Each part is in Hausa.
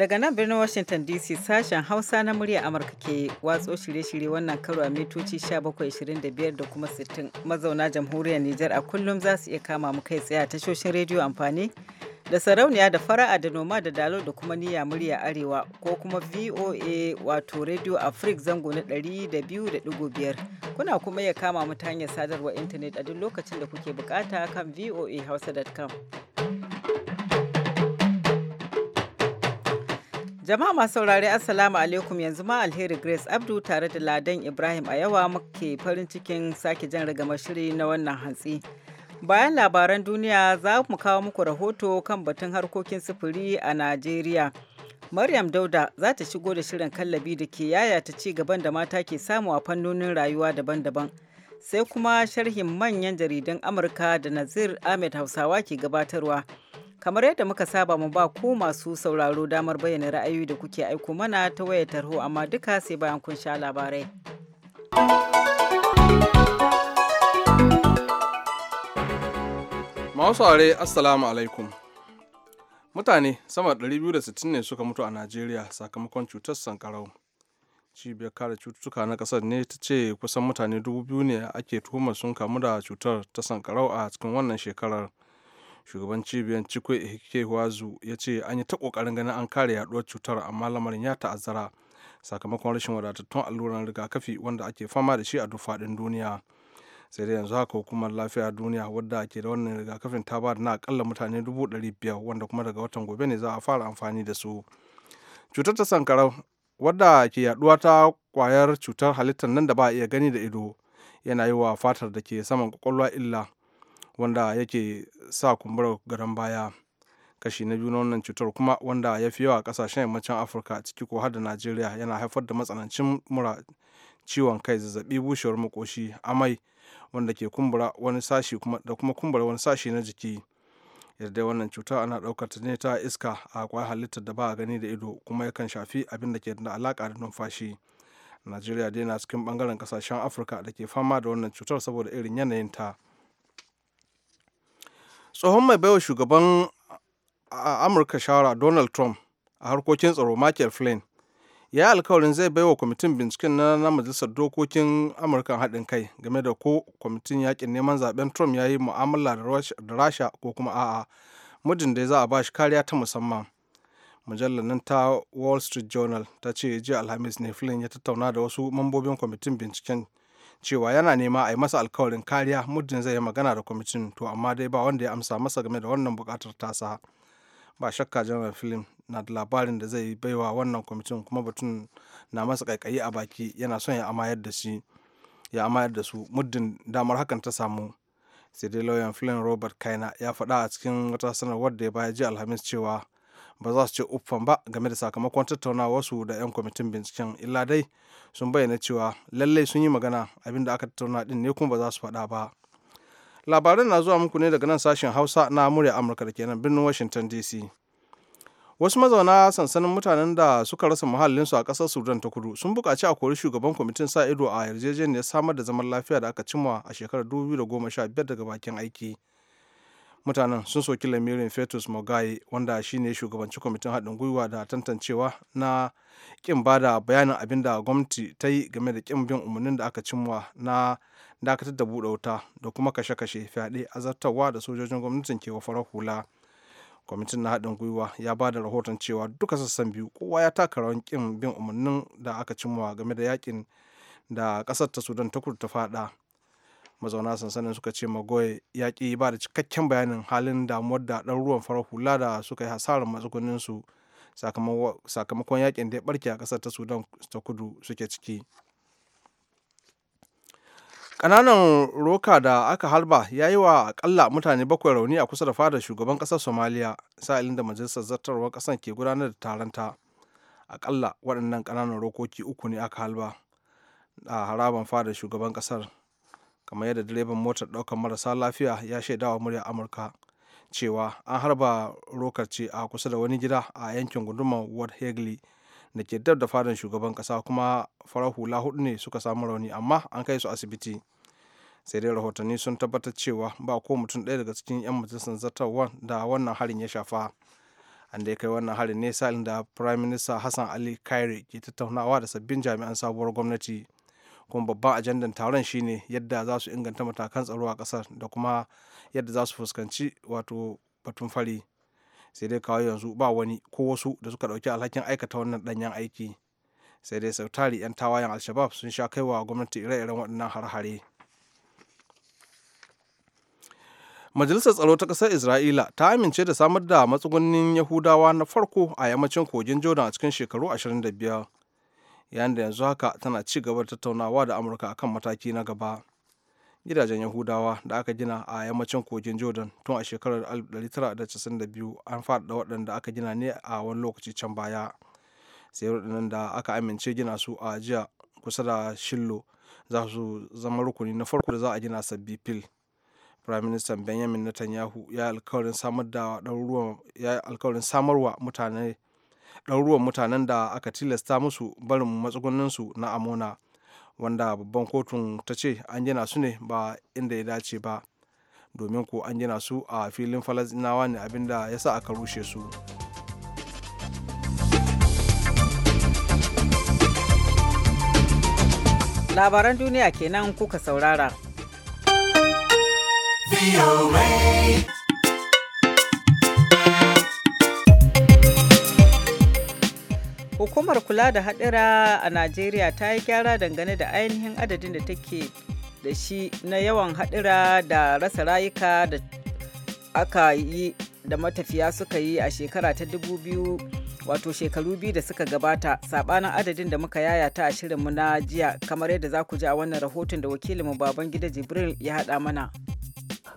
Daga nan birnin Washington DC sashen Hausa na murya Amurka ke watso shirye-shirye wannan karo a mitoci 1725 da kuma 60 mazauna jamhuriyar Nijar a kullum za su iya kama mu kai tsaye a tashoshin rediyo amfani da sarauniya da fara'a da noma da dalo da kuma niyya murya arewa ko kuma VOA wato Radio Africa zango na 200.5 kuna kuma iya kama mu ta hanyar sadarwa intanet a duk lokacin da kuke bukata kan voahausa.com. Jama'a masu saurare Assalamu alaikum yanzu ma alheri Grace Abdu tare da Ladan Ibrahim a yawa muke farin cikin sake jan rigamar shiri na wannan hantsi. Bayan labaran duniya za mu kawo muku rahoto kan batun harkokin sufuri a Najeriya. Maryam Dauda za ta shigo da shirin kallabi da ke yayata ci gaban da mata ke samu a fannonin rayuwa daban-daban. Sai kuma sharhin manyan jaridan Amurka da Nazir Ahmed Hausawa ke gabatarwa. kamar yadda muka saba mu ba ko masu sauraro damar bayyana ra'ayoyi da kuke aiko mana ta wayar tarho amma duka sai bayan kun sha labarai masu are assalamu alaikum mutane sama 260 ne suka mutu a najeriya sakamakon cutar sankarau cibiyar kare cututtuka na kasar ne ta ce kusan mutane 2000 ne ake tuhumar sun kamu da cutar ta sankarau a cikin wannan shekarar shugaban cibiyar ke wazu ya ce an yi ta kokarin ganin an kare yaduwar cutar amma lamarin ya ta'azzara sakamakon rashin wadatattun alluran rigakafi wanda ake fama da shi a duk duniya sai dai yanzu haka hukumar lafiya duniya wadda ake da wannan rigakafin ta ba da na akalla mutane dubu ɗari biyar wanda kuma daga watan gobe ne za a fara amfani da su cutar ta sankarau wadda ke yaduwa ta kwayar cutar halittar nan da ba a iya gani da ido yana yi wa fatar da ke saman kwakwalwa illa wanda yake sa kumburar gadon baya kashi na biyu na wannan cutar kuma wanda ya fi yawa a kasashen yammacin afirka ciki ko har da najeriya yana haifar da matsanancin mura ciwon kai zazzabi bushewar makoshi amai wanda ke kumbura wani sashi da kuma kumbura wani sashi na jiki yadda wannan cutar ana ɗaukar ta ne ta iska a kwai halittar da ba a gani da ido kuma yakan shafi abin da ke da alaƙa da numfashi najeriya dai na cikin bangaren kasashen afirka da ke fama da wannan cutar saboda irin yanayin ta Tsohon mai baiwa shugaban Amurka shawara Donald Trump a harkokin tsaro Michael Flynn ya yi alkawarin zai baiwa kwamitin binciken na majalisar dokokin Amurka haɗin kai game da ko kwamitin yakin neman zaben Trump ya yi mu'amala da Rasha ko kuma a'a da ya za a ba shi kariya ta musamman. Mujallar nan ta Wall Street Journal ta ce jiya Alhamis ne Flynn ya tattauna da wasu mambobin kwamitin binciken cewa yana nema a yi masa alkawarin kariya muddin zai yi magana da kwamitin to amma dai ba wanda ya amsa masa game da wannan bukatar tasa ba shakka janar film na da labarin da zai baiwa wannan kwamitin kuma batun na masa kaikayi a baki yana son ya amayar da shi ya amayar da su muddin damar hakan ta samu sai dai lauyan flynn robert kaina ya faɗa a cikin wata sanarwar da ya baya ji alhamis cewa ba za su ce uffan ba game da sakamakon tattaunawa tattaunawarsu da 'yan kwamitin binciken illa dai sun bayyana cewa lallai sun yi magana abin da aka tattauna din ne kuma ba za su faɗa ba labaran na zuwa muku ne daga nan sashen hausa na murya amurka da kenan birnin washington dc wasu mazauna sansanin mutanen da suka rasa muhallinsu a ƙasar sudan ta kudu sun buƙaci a kori shugaban kwamitin sa ido a yarjejeniyar samar da zaman lafiya da aka cimma a shekarar 2015 daga bakin aiki mutanen sun soki lamirin fetus mogai wanda shine shugabanci kwamitin haɗin gwiwa da tantancewa na kin da bayanin abin da gwamnati ta yi game da kin bin umarnin da aka cimma na dakatar da buɗe wuta da kuma kashe-kashe fyaɗe azartarwa da sojojin gwamnatin ke farar hula kwamitin na haɗin gwiwa ya ba da rahoton cewa duka sassan biyu kowa ya taka rawan kin bin umarnin da aka cimma game da yakin da ƙasar ta sudan ta kudu ta faɗa mazauna sansanin suka ce magoy ya ki ba da cikakken bayanin halin damuwar da ruwan farar hula da suka yi hasarar su sakamakon yakin da ya barke a ƙasar ta sudan ta kudu suke ciki kananan roka da aka halba ya yi wa akalla mutane bakwai rauni a kusa da fada shugaban ƙasar somaliya sa'ilin da majalisar zartarwar ƙasar ke gudanar da taronta akalla waɗannan ƙananan rokoki uku ne aka halba a harabar fada shugaban ƙasar kamar yadda direban motar ɗaukar marasa lafiya ya shaidawa muryar amurka cewa an harba rokar a kusa da wani gida a yankin gundumar ward hegley da ke dab da fadan shugaban kasa kuma farar hula hudu ne suka samu rauni amma an kai su asibiti sai dai rahotanni sun tabbatar cewa ba ko mutum ɗaya daga cikin 'yan majalisar zartarwa da wannan harin ya shafa an dai kai wannan harin ne salin da prime minister hassan ali kairi ke tattaunawa da sabbin jami'an sabuwar gwamnati kuma babban ajandan taron shine yadda za su inganta matakan tsaro a kasar da kuma yadda za su fuskanci wato batun fari sai dai kawai yanzu ba wani ko wasu da suka dauki alhakin aikata wannan danyen aiki sai dai sautari 'yan tawayen alshabab sun sha kaiwa gwamnati ire-iren waɗannan har-hare majalisar tsaro ta kasar isra'ila ta amince da samar da matsugunin yahudawa na farko a yammacin kogin jordan a cikin shekaru 25 yayin da yanzu haka tana ci gaba da tattaunawa da amurka a kan mataki na gaba gidajen yahudawa da aka gina a yammacin kogin jordan tun a shekarar 1992 an faɗaɗa waɗanda aka gina ne a wani lokaci can baya sai waɗannan da aka amince gina su a jiya kusa da shillo za su zama rukuni na farko da za a gina sabbi fil prime minister benjamin netanyahu ya yi alkawarin samarwa mutane ɗaruruwan mutanen da aka tilasta musu barin matsugunninsu na amona wanda babban kotun ta ce an gina su ne ba inda ya dace ba domin ko an gina su a filin falazinawa ne abinda ya sa aka rushe su labaran duniya kenan kuka saurara. Hukumar kula da hadira a Najeriya ta yi gyara dangane da ainihin adadin da take da shi na yawan hadira da rasa rayuka da aka yi da matafiya suka yi a shekara ta 2000 wato shekaru biyu da suka gabata sabanin adadin da muka yayata a shirinmu na jiya kamar yadda za ku ji a wannan rahoton da wakilinmu baban gida jibril ya haɗa mana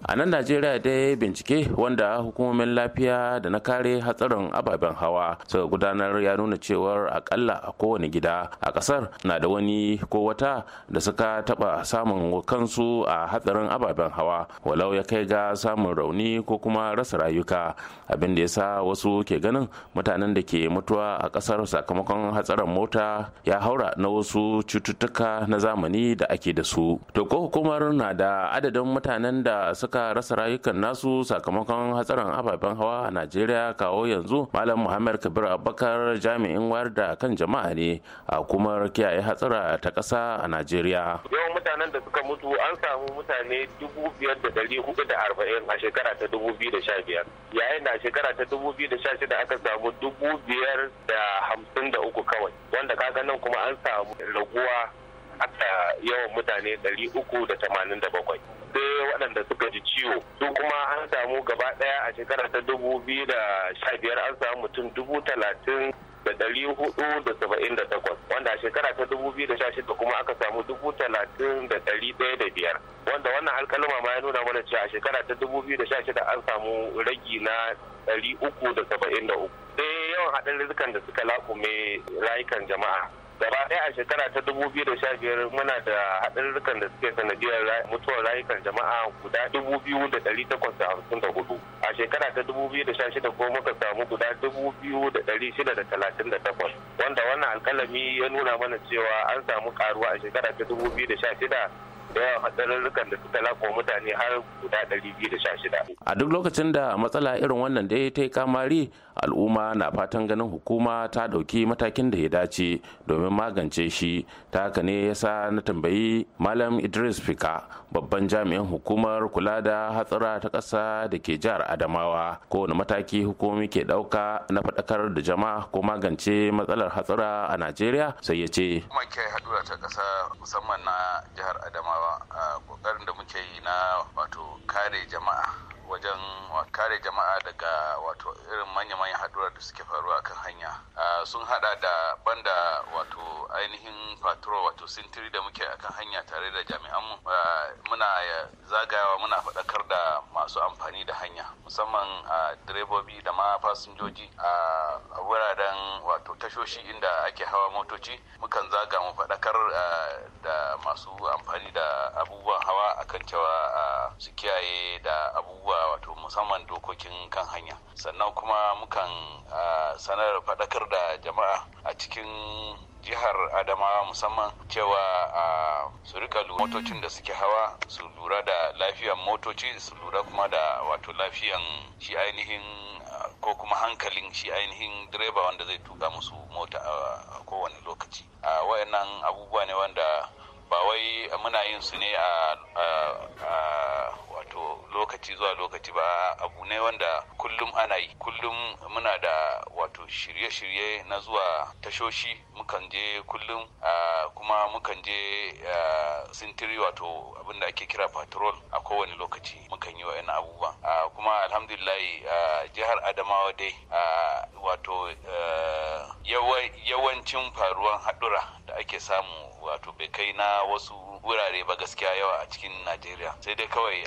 a nan najeriya dai bincike wanda hukumomin lafiya da na kare hatsarin ababen hawa suka gudanar ya nuna cewar akalla a kowane gida a kasar na da wani ko wata da suka taba samun kansu a hatsarin ababen hawa walau ya kai ga samun rauni ko kuma rasa rayuka abin da ya sa wasu ke ganin mutanen da ke mutuwa a kasar sakamakon hatsarin mota ya haura na wasu cututtuka na zamani da ake da su to ko hukumar na da adadin mutanen da suka suka rasa rayukan nasu sakamakon hatsarin ababen hawa a najeriya kawo yanzu malam muhammad kabir abubakar jami'in wayar da kan jama'a ne a kuma kiyaye hatsara ta ƙasa a najeriya yawan mutanen da suka mutu an samu mutane dubu biyar da dari hudu da arba'in a shekara ta dubu biyu da sha biyar yayin da a shekara ta dubu biyu da sha shida aka samu dubu biyar da hamsin da uku kawai wanda kaga nan kuma an samu raguwa hatta yawan mutane 387 sai waɗanda suka ji ciwo su kuma an samu gaba ɗaya a shekarar ta 2015 an samu mutum dubu talatin da ɗari hudu da saba'in da takwas wanda a shekara ta dubu biyu da sha shida kuma aka samu dubu talatin da ɗari ɗaya da biyar wanda wannan alkalima ma ya nuna mana cewa a shekara ta dubu biyu da sha shida an samu ragi na ɗari uku da saba'in da uku sai yawan haɗin rizikan da suka laƙume rayukan jama'a gaba ɗaya a shekara ta dubu biyu da sha biyar muna da haɗarurrukan da suke sanadiyar mutuwar rayukan jama'a guda dubu biyu da ɗari takwas da hamsin da hudu a shekara ta dubu biyu da sha shida ko muka samu guda dubu biyu da ɗari shida da talatin da takwas wanda wannan alƙalami ya nuna mana cewa an samu karuwa a shekara ta dubu biyu da sha shida da yawa matsalolukan da suka lako mutane har guda 216. A duk lokacin da matsala irin wannan da ta yi kamari al'umma na fatan ganin hukuma ta ɗauki matakin da ya dace domin magance shi ta haka ne yasa na tambayi malam idris fika babban jami'in hukumar kula da hatsara ta ƙasa da ke jihar adamawa kowane mataki hukumi ke ɗauka na faɗakar da jama'a ko magance matsalar hatsara a najeriya sai ya ce. hukumar ta ƙasa musamman na jihar adamawa kokarin da muke yi na wato kare jama'a wajen kare jama'a daga wato irin manya-manyan haɗura da suke faruwa kan hanya sun hada da banda wato ainihin patrol wato sintiri da muke akan hanya tare da jami'anmu muna zagayawa muna faɗakar da masu amfani da hanya musamman a direbobi da ma fasinjoji a wuraren wato tashoshi inda ake hawa motoci mukan zaga mu faɗakar da masu amfani da abubuwan hawa akan cewa su kiyaye da abubuwa wato musamman dokokin kan hanya sannan kuma mukan sanar faɗakar da jama'a a cikin jihar adamawa musamman cewa a su rika motocin da suke hawa su lura da lafiyan motoci su lura kuma da wato lafiyan shi ainihin ko kuma hankalin shi ainihin direba wanda zai tuka musu mota a kowane lokaci a wayannan abubuwa ne wanda ba wai muna yin su ne a wato lokaci zuwa lokaci ba abu ne wanda kullum ana yi kullum muna da wato shirye-shirye na zuwa tashoshi mukan je kullum kuma mukan je sintiri wato abin ake kira patrol a kowane lokaci mukan yi wa'in abubuwa kuma alhamdulahi jihar adamawa dai wato yawancin faruwan haɗura da ake samu wato bai kai na wasu wurare ba gaskiya yawa a cikin najeriya sai dai kawai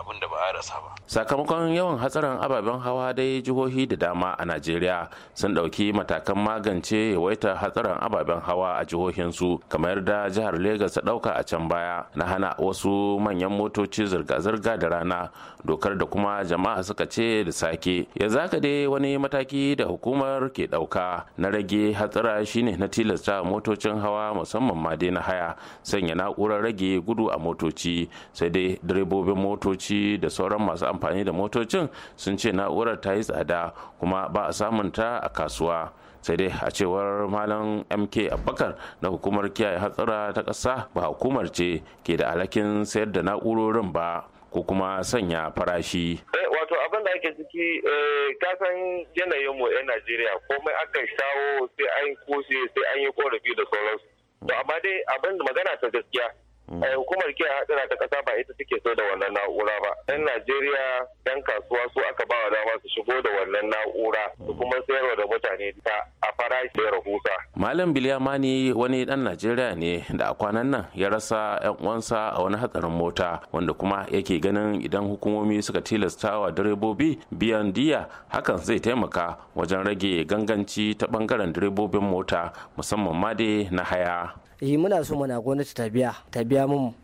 abin da ba a rasa ba sakamakon yawan hatsarin ababen hawa dai jihohi da dama a najeriya sun ɗauki matakan magance yawaitar hatsarin ababen hawa a jihohinsu kamar da jihar Legas ta ɗauka a can baya na hana wasu manyan motoci zirga-zirga da rana dokar da kuma jama'a suka ce da sake Ya zaka dai wani mataki da hukumar ke ɗauka na rage hatsara shine na tilasta motocin hawa musamman ma dai na haya sanya na'urar rage gudu a motoci sai dai direbobin motoci da sauran masu amfani da motocin sun ce na'urar ta yi tsada kuma ba a samun ta a kasuwa sai dai a cewar malam mk abubakar na hukumar kiyaye hatsara ta ƙasa ba hukumar ce ke da alhakin sayar da na'urorin ba ko kuma sanya farashi. Eh, wato abin da ake ciki eh, ka san yanayin mu 'yan najeriya komai aka shawo sai an yi kose sai an yi korafi da sauransu to amma dai abin da magana ta gaskiya Mm. Eh, hukumar kiyaye hadura ta kasa ba ita take so da wannan na'ura ba yan najeriya yan kasuwa su aka ba wa dama su shigo da wannan na'ura su mm. kuma sayarwa da mutane ta a farashi da rahusa malam biliyamani wani dan najeriya ne da a kwanan nan ya rasa yan uwansa a wani hatsarin mota wanda kuma yake ganin idan hukumomi suka tilasta wa direbobi biyan diya hakan zai taimaka wajen rage ganganci ta bangaren direbobin mota musamman ma dai na haya yi eh, muna so mana gwamnati ta biya ta biya mun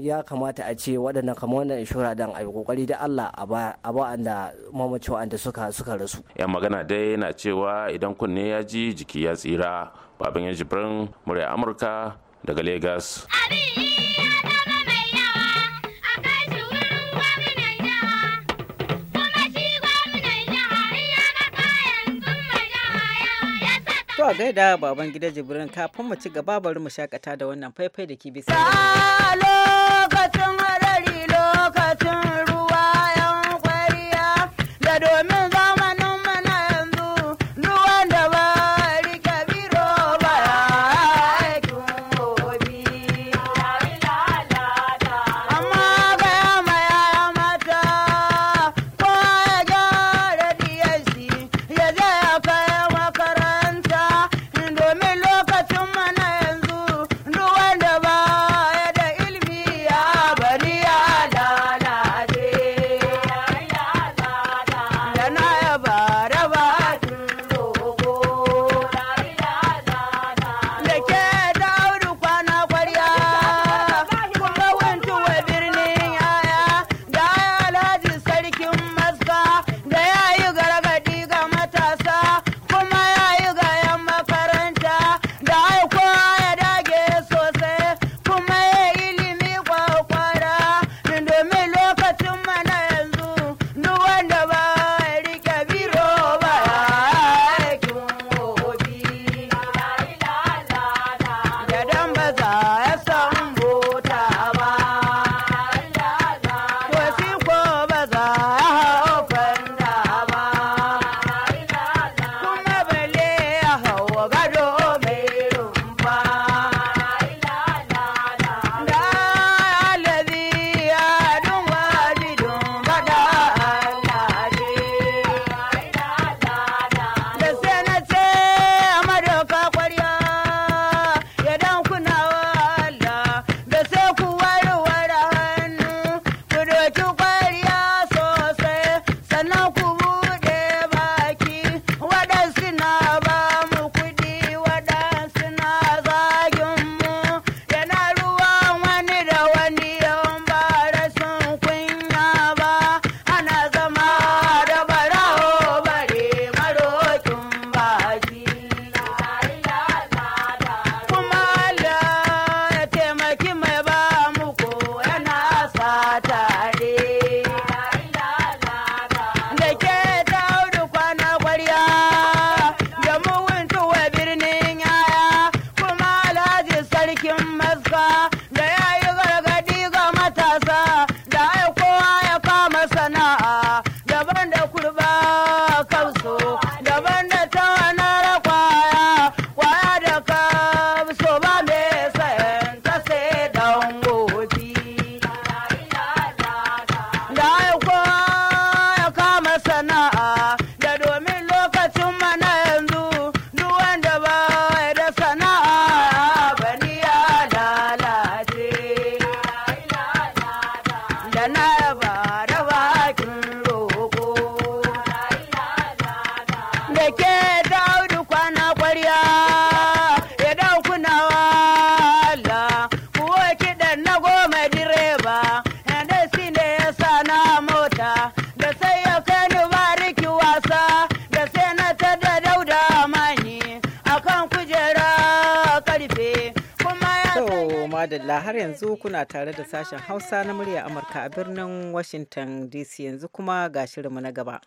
ya kamata a ce waɗannan kamar wannan inshora dan a yi kokari da Allah a ba da mamaci wa'anda suka suka rasu. Yan magana dai na cewa idan kunne ya ji jiki ya tsira baban ya jibrin murya Amurka daga Legas. To a gaida baban gida Jibrin kafin mu ci gaba bari mu shakata da wannan faifai da ke bisa. lokacin hadari lokacin ruwa yan kwariya da domin I did. madalla har yanzu kuna tare da sashen Hausa na murya Amurka a birnin Washington DC yanzu kuma ga shirinmu na gaba.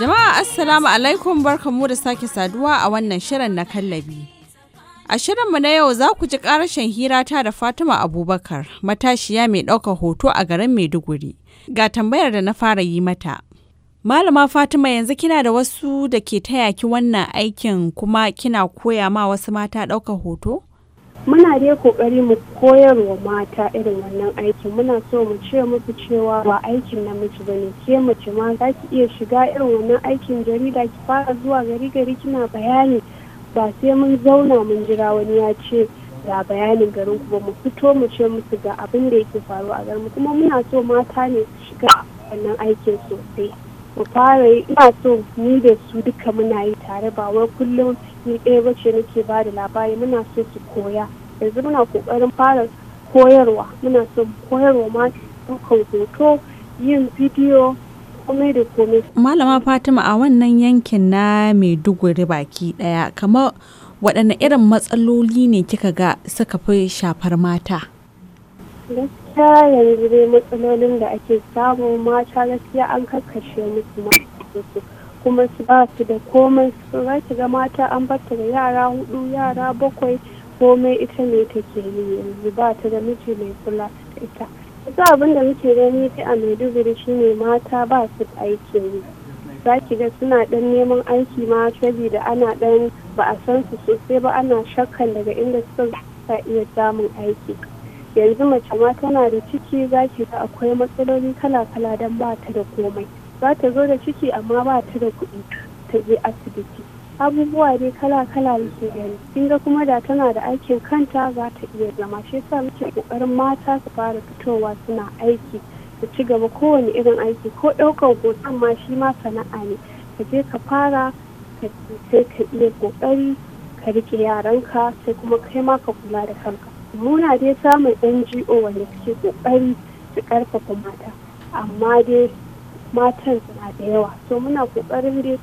Jama'a Assalamu alaikum barkamu da sake saduwa a wannan shirin na kallabi. A shirinmu na yau za ku ji ƙarashin ta da Fatima Abubakar, matashiya mai ɗaukar hoto a garin Maiduguri. Ga tambayar da na fara yi mata. Malama Fatima yanzu kina da wasu da ke taya ki wannan aikin kuma kina koya ma wasu mata ɗaukar hoto? Muna dai kokari mu koyarwa mata irin wannan aikin muna so mu ce musu cewa ba aikin namiji bane ke mace ma za ki iya shiga irin wannan aikin jarida ki fara zuwa gari gari kina bayani ba sai mun zauna mun jira wani ya ce ga bayanin garin kuma mu fito mu ce musu ga abin da yake faruwa a garin kuma muna so mata ne su shiga wannan aikin sosai mu fara yi ina so ni da su duka muna yi tare ba wai kullum ni ɗaya ba ce nake ba da labari muna so su koya yanzu muna kokarin fara koyarwa muna so koyarwa ma ɗaukan hoto yin bidiyo komai Malama Fatima a wannan yankin na Maiduguri baki daya kamar waɗanne irin matsaloli ne kika ga suka fi shafar mata? Gaskiya yanzu dai matsalolin da ake samu mata gaskiya an karkashe musu masu kuma su ba su da komai su za ki ga mata an bata da yara hudu yara bakwai komai ita ne take yi yanzu ba ta da miji mai kula da ita. kusa abin da muke gani ta a maiduguri shine mata ba su aikin yi za ki ga suna dan neman aiki ma saboda ana dan ba a san su sosai ba ana shakkan daga inda suka sa iya samun aiki yanzu mace ma tana da ciki za ki ga akwai matsaloli kala-kala don ba ta da komai za ta zo da ciki amma ba ta da kuɗi ta je asibiti abubuwa dai kala-kala ke gani kin ga kuma da tana da aikin kanta za ta iya zama shi yasa muke kokarin mata su fara fitowa suna aiki su ci gaba kowane irin aiki ko ɗaukar hoton ma shi ma sana'a ne ka je ka fara ka sai ka iya kokari ka rike yaranka sai kuma kai ma ka kula da kanka muna dai samun ngo wanda suke kokari su karfafa mata amma dai matan suna da yawa so muna kokarin dai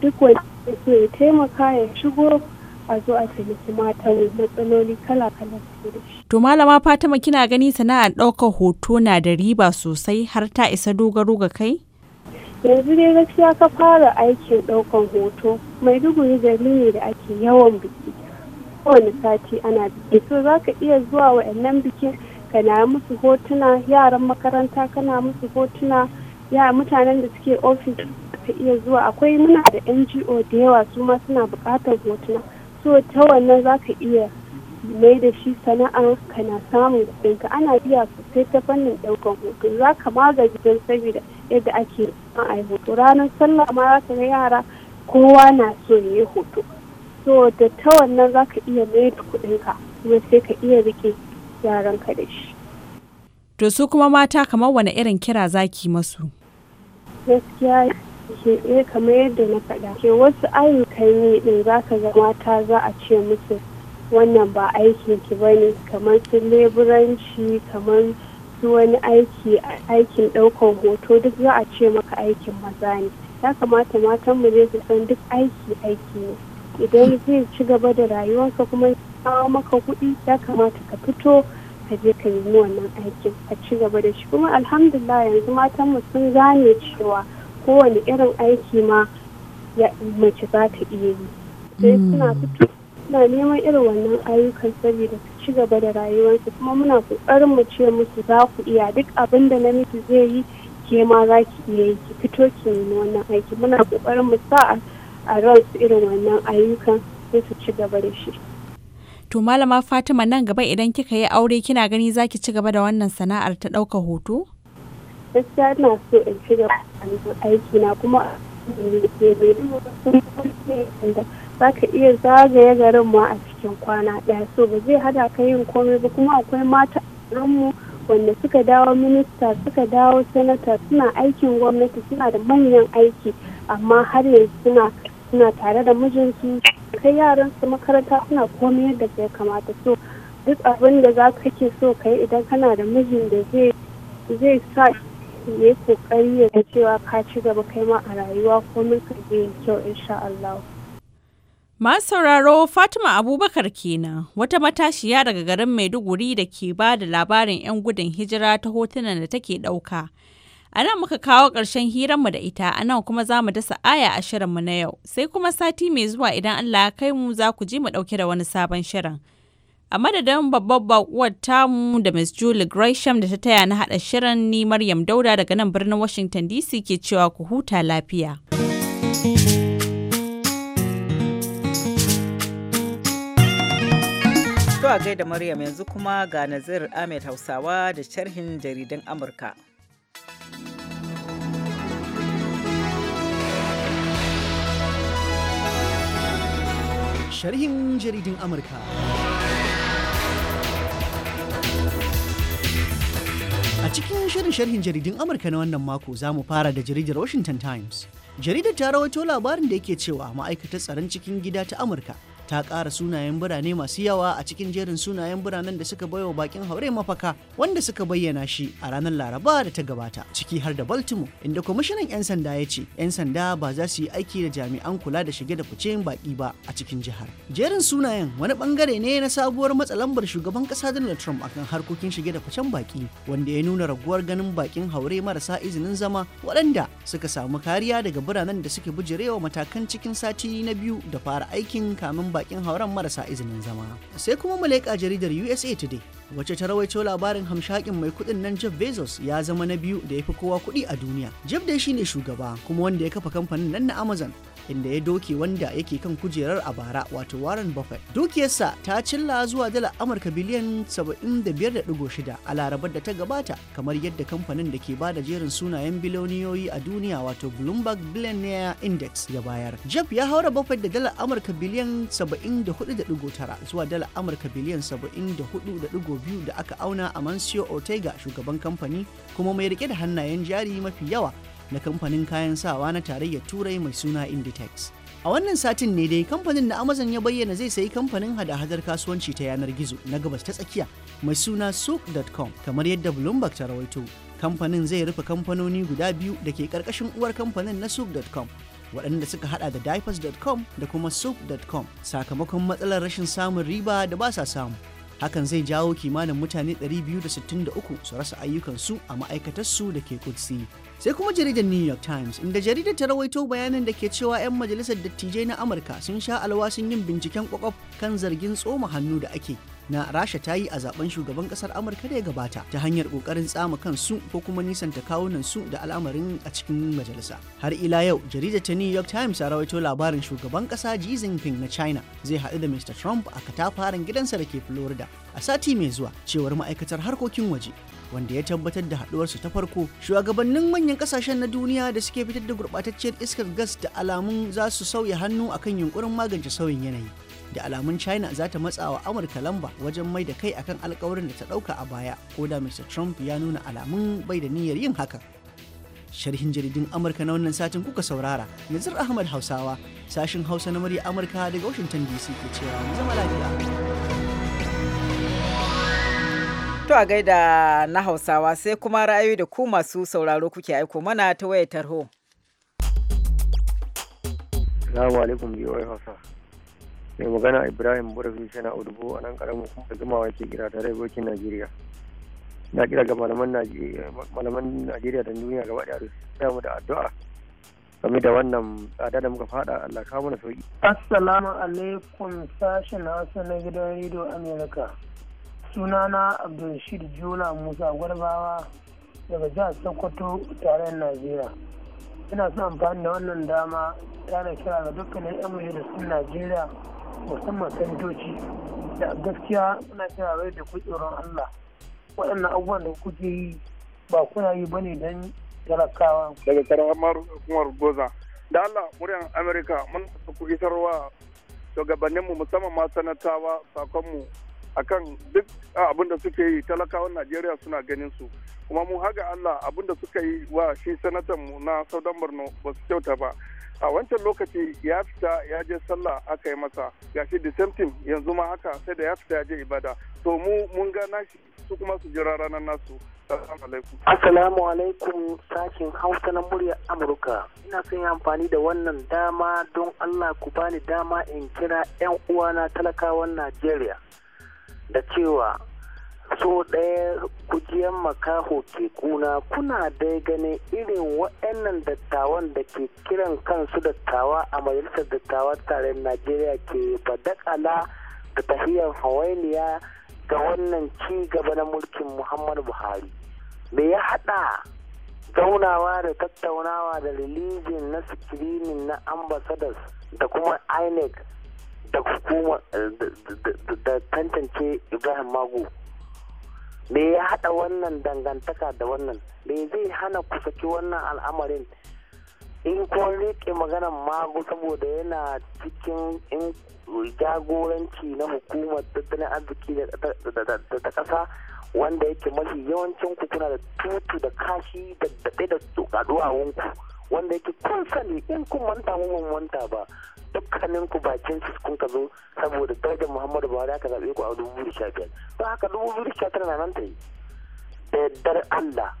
duk wani ke taimaka ya shigo a zo a taimaki matan matsaloli kala-kala da shi. To malama Fatima kina gani sana'ar ɗaukar hoto na da riba sosai har ta isa dogaro ga kai? Yanzu dai gaskiya ka fara aikin ɗaukar hoto mai duguri gari ne da ake yawan biki. Kowane sati ana biki. So za ka iya zuwa wa'annan bikin ka na musu hotuna yaran makaranta kana musu hotuna ya mutanen da suke ofis ka iya zuwa akwai muna da ngo da yawa su ma suna bukatar hotuna so ta wannan za ka iya mai da shi sana'a kana samun kuɗinka ana biya sosai ta fannin ɗaukan hoto za ka magani don saboda yadda ake a yi hoto ranar sallah ma za ka ga yara kowa na so ya yi hoto so da ta wannan za ka iya mai da kuɗinka kuma sai ka iya rike yaranka da shi. To su kuma mata kamar wani irin kira zaki masu? Gaskiya ke eh kamar yadda na faɗa ke wasu ayyukan yi din za ka ga mata za a ce musu wannan ba aikin ki ba ne. kamar su leburanci kamar su wani aiki aikin ɗaukan hoto duk za a ce maka aikin maza ne ya kamata matan mu ne su san duk aiki aiki ne idan zai ci gaba da rayuwarka kuma kawo maka kuɗi ya kamata ka fito ka je ka yi wannan aikin a ci gaba da shi kuma alhamdulillah yanzu matan mu sun gane cewa kowane irin aiki ma mace za ta iya yi sai mm. suna neman irin wannan ayyukan saboda su ci gaba da rayuwarsu kuma muna kokarin mu ce musu za ku iya duk abin da namiji zai yi ke ma za ki iya yi ki fito ki nemi wannan aiki muna kokarin mu sa a su irin wannan ayyukan sai su ci gaba da shi to malama fatima nan gaba idan kika yi aure kina gani zaki ci gaba da wannan sana'ar ta ɗaukar hoto gaskiya ina so in ci gaba aiki na kuma za ka iya zagaye garin ma a cikin kwana ɗaya so ba zai hada ka yin komai ba kuma akwai mata a mu wanda suka dawo minista suka dawo sanata suna aikin gwamnati suna da manyan aiki amma har yanzu suna tare da mijinsu kai yaran su makaranta suna komai yadda ya kamata so duk abin da za ka ke so kai idan kana da mijin da zai zai sa yi kokari ya ga cewa ka ci gaba kai ma a rayuwa komai ka ya kyau insha Allah. Masu sauraro Fatima Abubakar kenan wata matashiya daga garin Maiduguri da ke ba da labarin 'yan gudun hijira ta hotunan da take ɗauka. A nan muka kawo ƙarshen hiranmu da ita, a nan kuma za mu dasa aya a shirinmu na yau, sai kuma sati mai zuwa idan Allah ya kai mu za ku ji mu ɗauke da wani sabon shirin. A madadin babbar bakuwar tamu da ms Julie Gresham da ta taya na haɗa shirin ni Maryam Dauda daga nan birnin Washington DC ke cewa ku huta lafiya. To a gaida Maryam yanzu kuma ga Nazir Ahmed Hausawa da sharhin jaridan Amurka. Sharhin jaridin Amurka. A cikin shirin sharhin jaridun Amurka na wannan mako za mu fara da jaridar Washington Times. Jaridar ta rawaito labarin da yake cewa ma'aikatar tsaron cikin gida ta Amurka ta ƙara sunayen birane masu yawa a cikin jerin sunayen biranen da suka baiwa bakin haure mafaka wanda suka bayyana shi a ranar laraba da ta gabata ciki har da baltimore inda kwamishinan 'yan sanda ya ce 'yan sanda ba za su yi aiki da jami'an kula da shige da fice baki ba a cikin jihar jerin sunayen wani bangare ne na sabuwar matsalambar shugaban kasa donald trump akan harkokin shige da ficen baki wanda ya nuna raguwar ganin bakin haure marasa izinin zama waɗanda suka samu kariya daga biranen da suke bijirewa matakan cikin sati na biyu da fara aikin kamin bakin hauren marasa izinin zama sai kuma mu leƙa jaridar usa today wacce ta rawaito labarin hamshakin mai kuɗin nan jeff bezos ya zama na biyu da ya fi kowa kuɗi a duniya jeff dai shine shugaba kuma wanda ya kafa kamfanin nan na amazon inda ya doke wanda yake kan kujerar a bara wato Warren Buffett. Dukiyarsa ta cilla zuwa dala Amurka biliyan 75.6 a larabar da ta gabata kamar yadda kamfanin da ke ba da jerin sunayen biloniyoyi a duniya wato Bloomberg Billionaire Index ya bayar. Jeff ya haura Buffett da dala Amurka biliyan 74.9 zuwa dala Amurka biliyan 74.2 da aka auna a Mansio Ortega shugaban kamfani kuma mai rike da hannayen jari mafi yawa na kamfanin kayan sawa na tarayyar turai mai suna inditex a wannan satin ne dai kamfanin na amazon ya bayyana zai sayi kamfanin hada-hadar kasuwanci ta yanar gizo na gabas ta tsakiya mai suna souk.com kamar yadda bloomberg ta rawaito kamfanin zai rufe kamfanoni guda biyu da ke karkashin uwar kamfanin na souk.com waɗanda suka hada da diapers.com da kuma soap.com sakamakon matsalar rashin samun riba da ba sa samu hakan zai jawo kimanin mutane 263 su rasa ayyukansu a ma'aikatarsu da ke kudsi sai kuma jaridar new york times inda jaridar ta rawaito bayanin da ke cewa 'yan majalisar dattijai na amurka sun sha alwashin yin binciken kwakwaf kan zargin tsoma hannu da ake na rasha ta yi a zaben shugaban kasar amurka da ya gabata ta hanyar kokarin tsama kan su ko kuma nisanta kawunan su da al'amarin a cikin majalisa har ila yau jaridar ta new york times ta rawaito labarin shugaban kasa xi jinping na china zai haɗu da mr trump a katafaren gidansa da ke florida a sati mai zuwa cewar ma'aikatar harkokin waje wanda ya tabbatar da haduwarsu ta farko shugabannin manyan kasashen na duniya da suke fitar da gurɓatacciyar iskar gas da alamun za su sauya hannu akan yunkurin magance sauyin yanayi da alamun china za ta matsa wa amurka lamba wajen mai da kai akan alkawarin da ta ɗauka a baya ko da mr trump ya nuna alamun bai da niyyar yin haka sharhin jaridun amurka na wannan satin kuka saurara nazir ahmad hausawa sashin hausa na murya amurka daga washington dc ke cewa mu zama lafiya To a gaida na Hausawa sai kuma ra'ayoyi da ku masu sauraro kuke aiko mana ta wayar tarho. Assalamu alaikum wai Hausa. Mai magana Ibrahim Burafi Shana Udubo a nan karamin kuma jimawa ke kira tare da Najeriya. Na kira ga malaman Najeriya da duniya gaba da su mu da addu'a game da wannan tsada da muka fada Allah kawo mana sauki. Assalamu alaikum sashen Hausa na gidan Rido Amerika. sunana abdulrashid jola musa gwarbawa daga jihar sokoto tare da najeriya ina son amfani da wannan dama tare kira ga dukkanin yan majalisun najeriya musamman sanitoci da gaskiya muna kira rai da tsoron allah waɗannan abubuwan da kuke yi ba kuna yi bane don talakawa daga karamar kumar goza da allah muryan amerika mun ku isarwa shugabanninmu musamman ma sanatawa sakonmu a kan duk abin da suka yi talakawan najeriya suna ganin su kuma mu haga allah abin da suka yi wa shi sanatan mu na saudan borno ba su kyauta ba a wancan lokaci ya fita ya je sallah aka yi masa shi the same thing yanzu ma haka sai da ya fita ya je ibada to mu mun ga nashi su kuma su jira ranar nasu Assalamu alaikum sashin Hausa na murya Amurka. Ina son yi amfani da wannan dama don Allah ku bani dama in kira 'yan uwana talakawan Najeriya. da cewa so ɗaya kujiyar makaho ke kuna kuna dai ganin irin waɗannan dattawan da ke kiran kansu dattawa a majalisar dattawa tare najeriya ke badakala da tafiyar hawainiya ga wannan ci gaba na mulkin muhammadu buhari me ya haɗa zaunawa da tattaunawa da rilijin na sikirinin na ambasadas da kuma inec da hukuma eh, da tantance ibrahim mago me ya haɗa wannan dangantaka da wannan me zai hana ku saki wannan al'amarin in kun riƙe maganan mago saboda yana cikin in jagoranci na hukumar tattalin arziki da ta ƙasa wanda yake mafi yawancin ku kuna da tutu da kashi da daɗe da wanku wanda yake kun sani in kun manta mu manta ba dukkanin ku bakin su kun ka zo saboda darajar muhammadu buhari aka zaɓe ku a dubu da sha biyar don haka dubu biyu da sha tara na nan ta yi da allah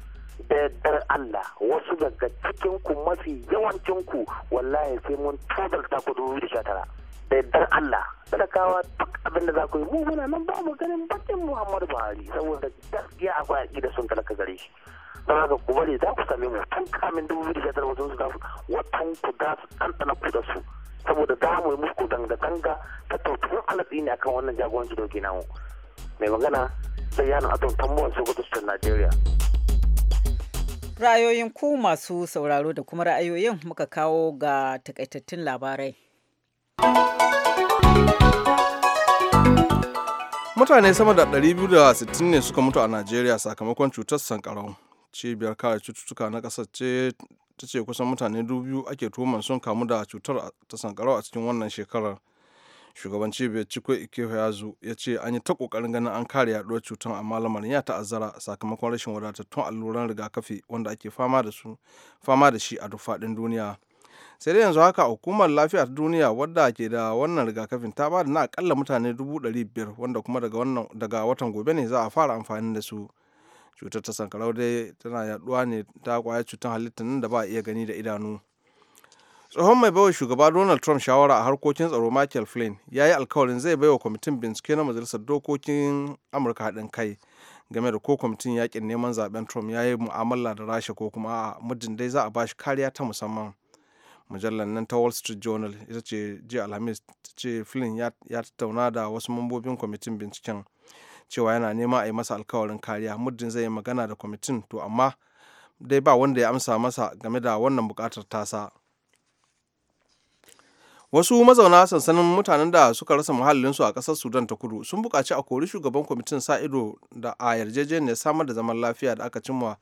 da allah wasu daga cikin ku mafi yawancin ku wallahi sai mun ta ku dubu biyu da sha tara da allah talakawa duk abin da za ku yi mu muna nan ba mu ganin bakin muhammadu buhari saboda gaskiya akwai aƙida sun talaka gare shi don a ku bari za ku same mu tun kamin dubu biyu da wasu za su watan ku da su ɗanɗana ku da su saboda za mu yi musu danga-danga ta tautun alaɗi ne akan wannan jagoranci da ke namu mai magana sai yana atom tambuwan sokoto su Najeriya. ra'ayoyin ku masu sauraro da kuma ra'ayoyin muka kawo ga takaitattun labarai mutane sama da 260 ne suka mutu a najeriya sakamakon cutar sankarau cibiyar kare cututtuka na ƙasar ce ta ce kusan mutane dubu ake tuhuman sun kamu da cutar ta sankarau a cikin wannan shekarar shugaban cibiyar ciko ikehoyazu ya ce an yi ta kokarin ganin an kare yaɗuwar cutar amma lamarin ya ta'azzara sakamakon rashin wadatattun alluran rigakafi wanda ake fama da su fama da shi a duk faɗin duniya sai dai yanzu haka hukumar lafiya ta duniya wadda ke da wannan rigakafin ta ba da na akalla mutane dubu ɗari biyar wanda kuma daga watan gobe ne za a fara amfani da su cutar ta sankarau dai tana yaduwa ne ta kwaya cutar halittar nan da ba a iya gani da idanu tsohon mai baiwa shugaba donald trump shawara a harkokin tsaro michael flynn ya yi alkawarin zai baiwa kwamitin bincike na majalisar dokokin amurka haɗin kai game da ko kwamitin yakin neman zaben trump ya yi mu'amala da rasha ko kuma a muddin dai za a bashi kariya ta musamman mujallar nan ta wall street journal ita ce jiya alhamis ta ce flynn ya tattauna da wasu mambobin kwamitin binciken cewa yana nema a yi masa alkawarin kariya muddin zai yi magana da kwamitin to amma dai ba wanda ya amsa masa game da wannan bukatar tasa wasu mazauna sansanin mutanen da suka rasa muhallinsu a ƙasar sudan ta kudu sun buƙaci a kori shugaban kwamitin sa ido da a yarjejeniyar samar da zaman lafiya da aka cimma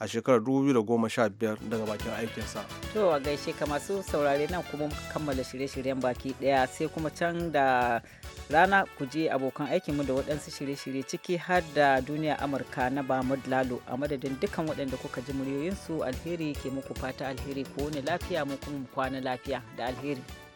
a shekarar 2015 daga bakin aikinsa. To a gaishe ka masu saurare nan kuma kammala shirye-shiryen baki daya sai kuma can da rana ku je abokan aikinmu da waɗansu shirye-shirye ciki har da duniya Amurka na Bamud Lalo a madadin dukkan waɗanda kuka ji muryoyinsu alheri ke muku fata alheri ko wani lafiya mu kuma kwana lafiya da alheri.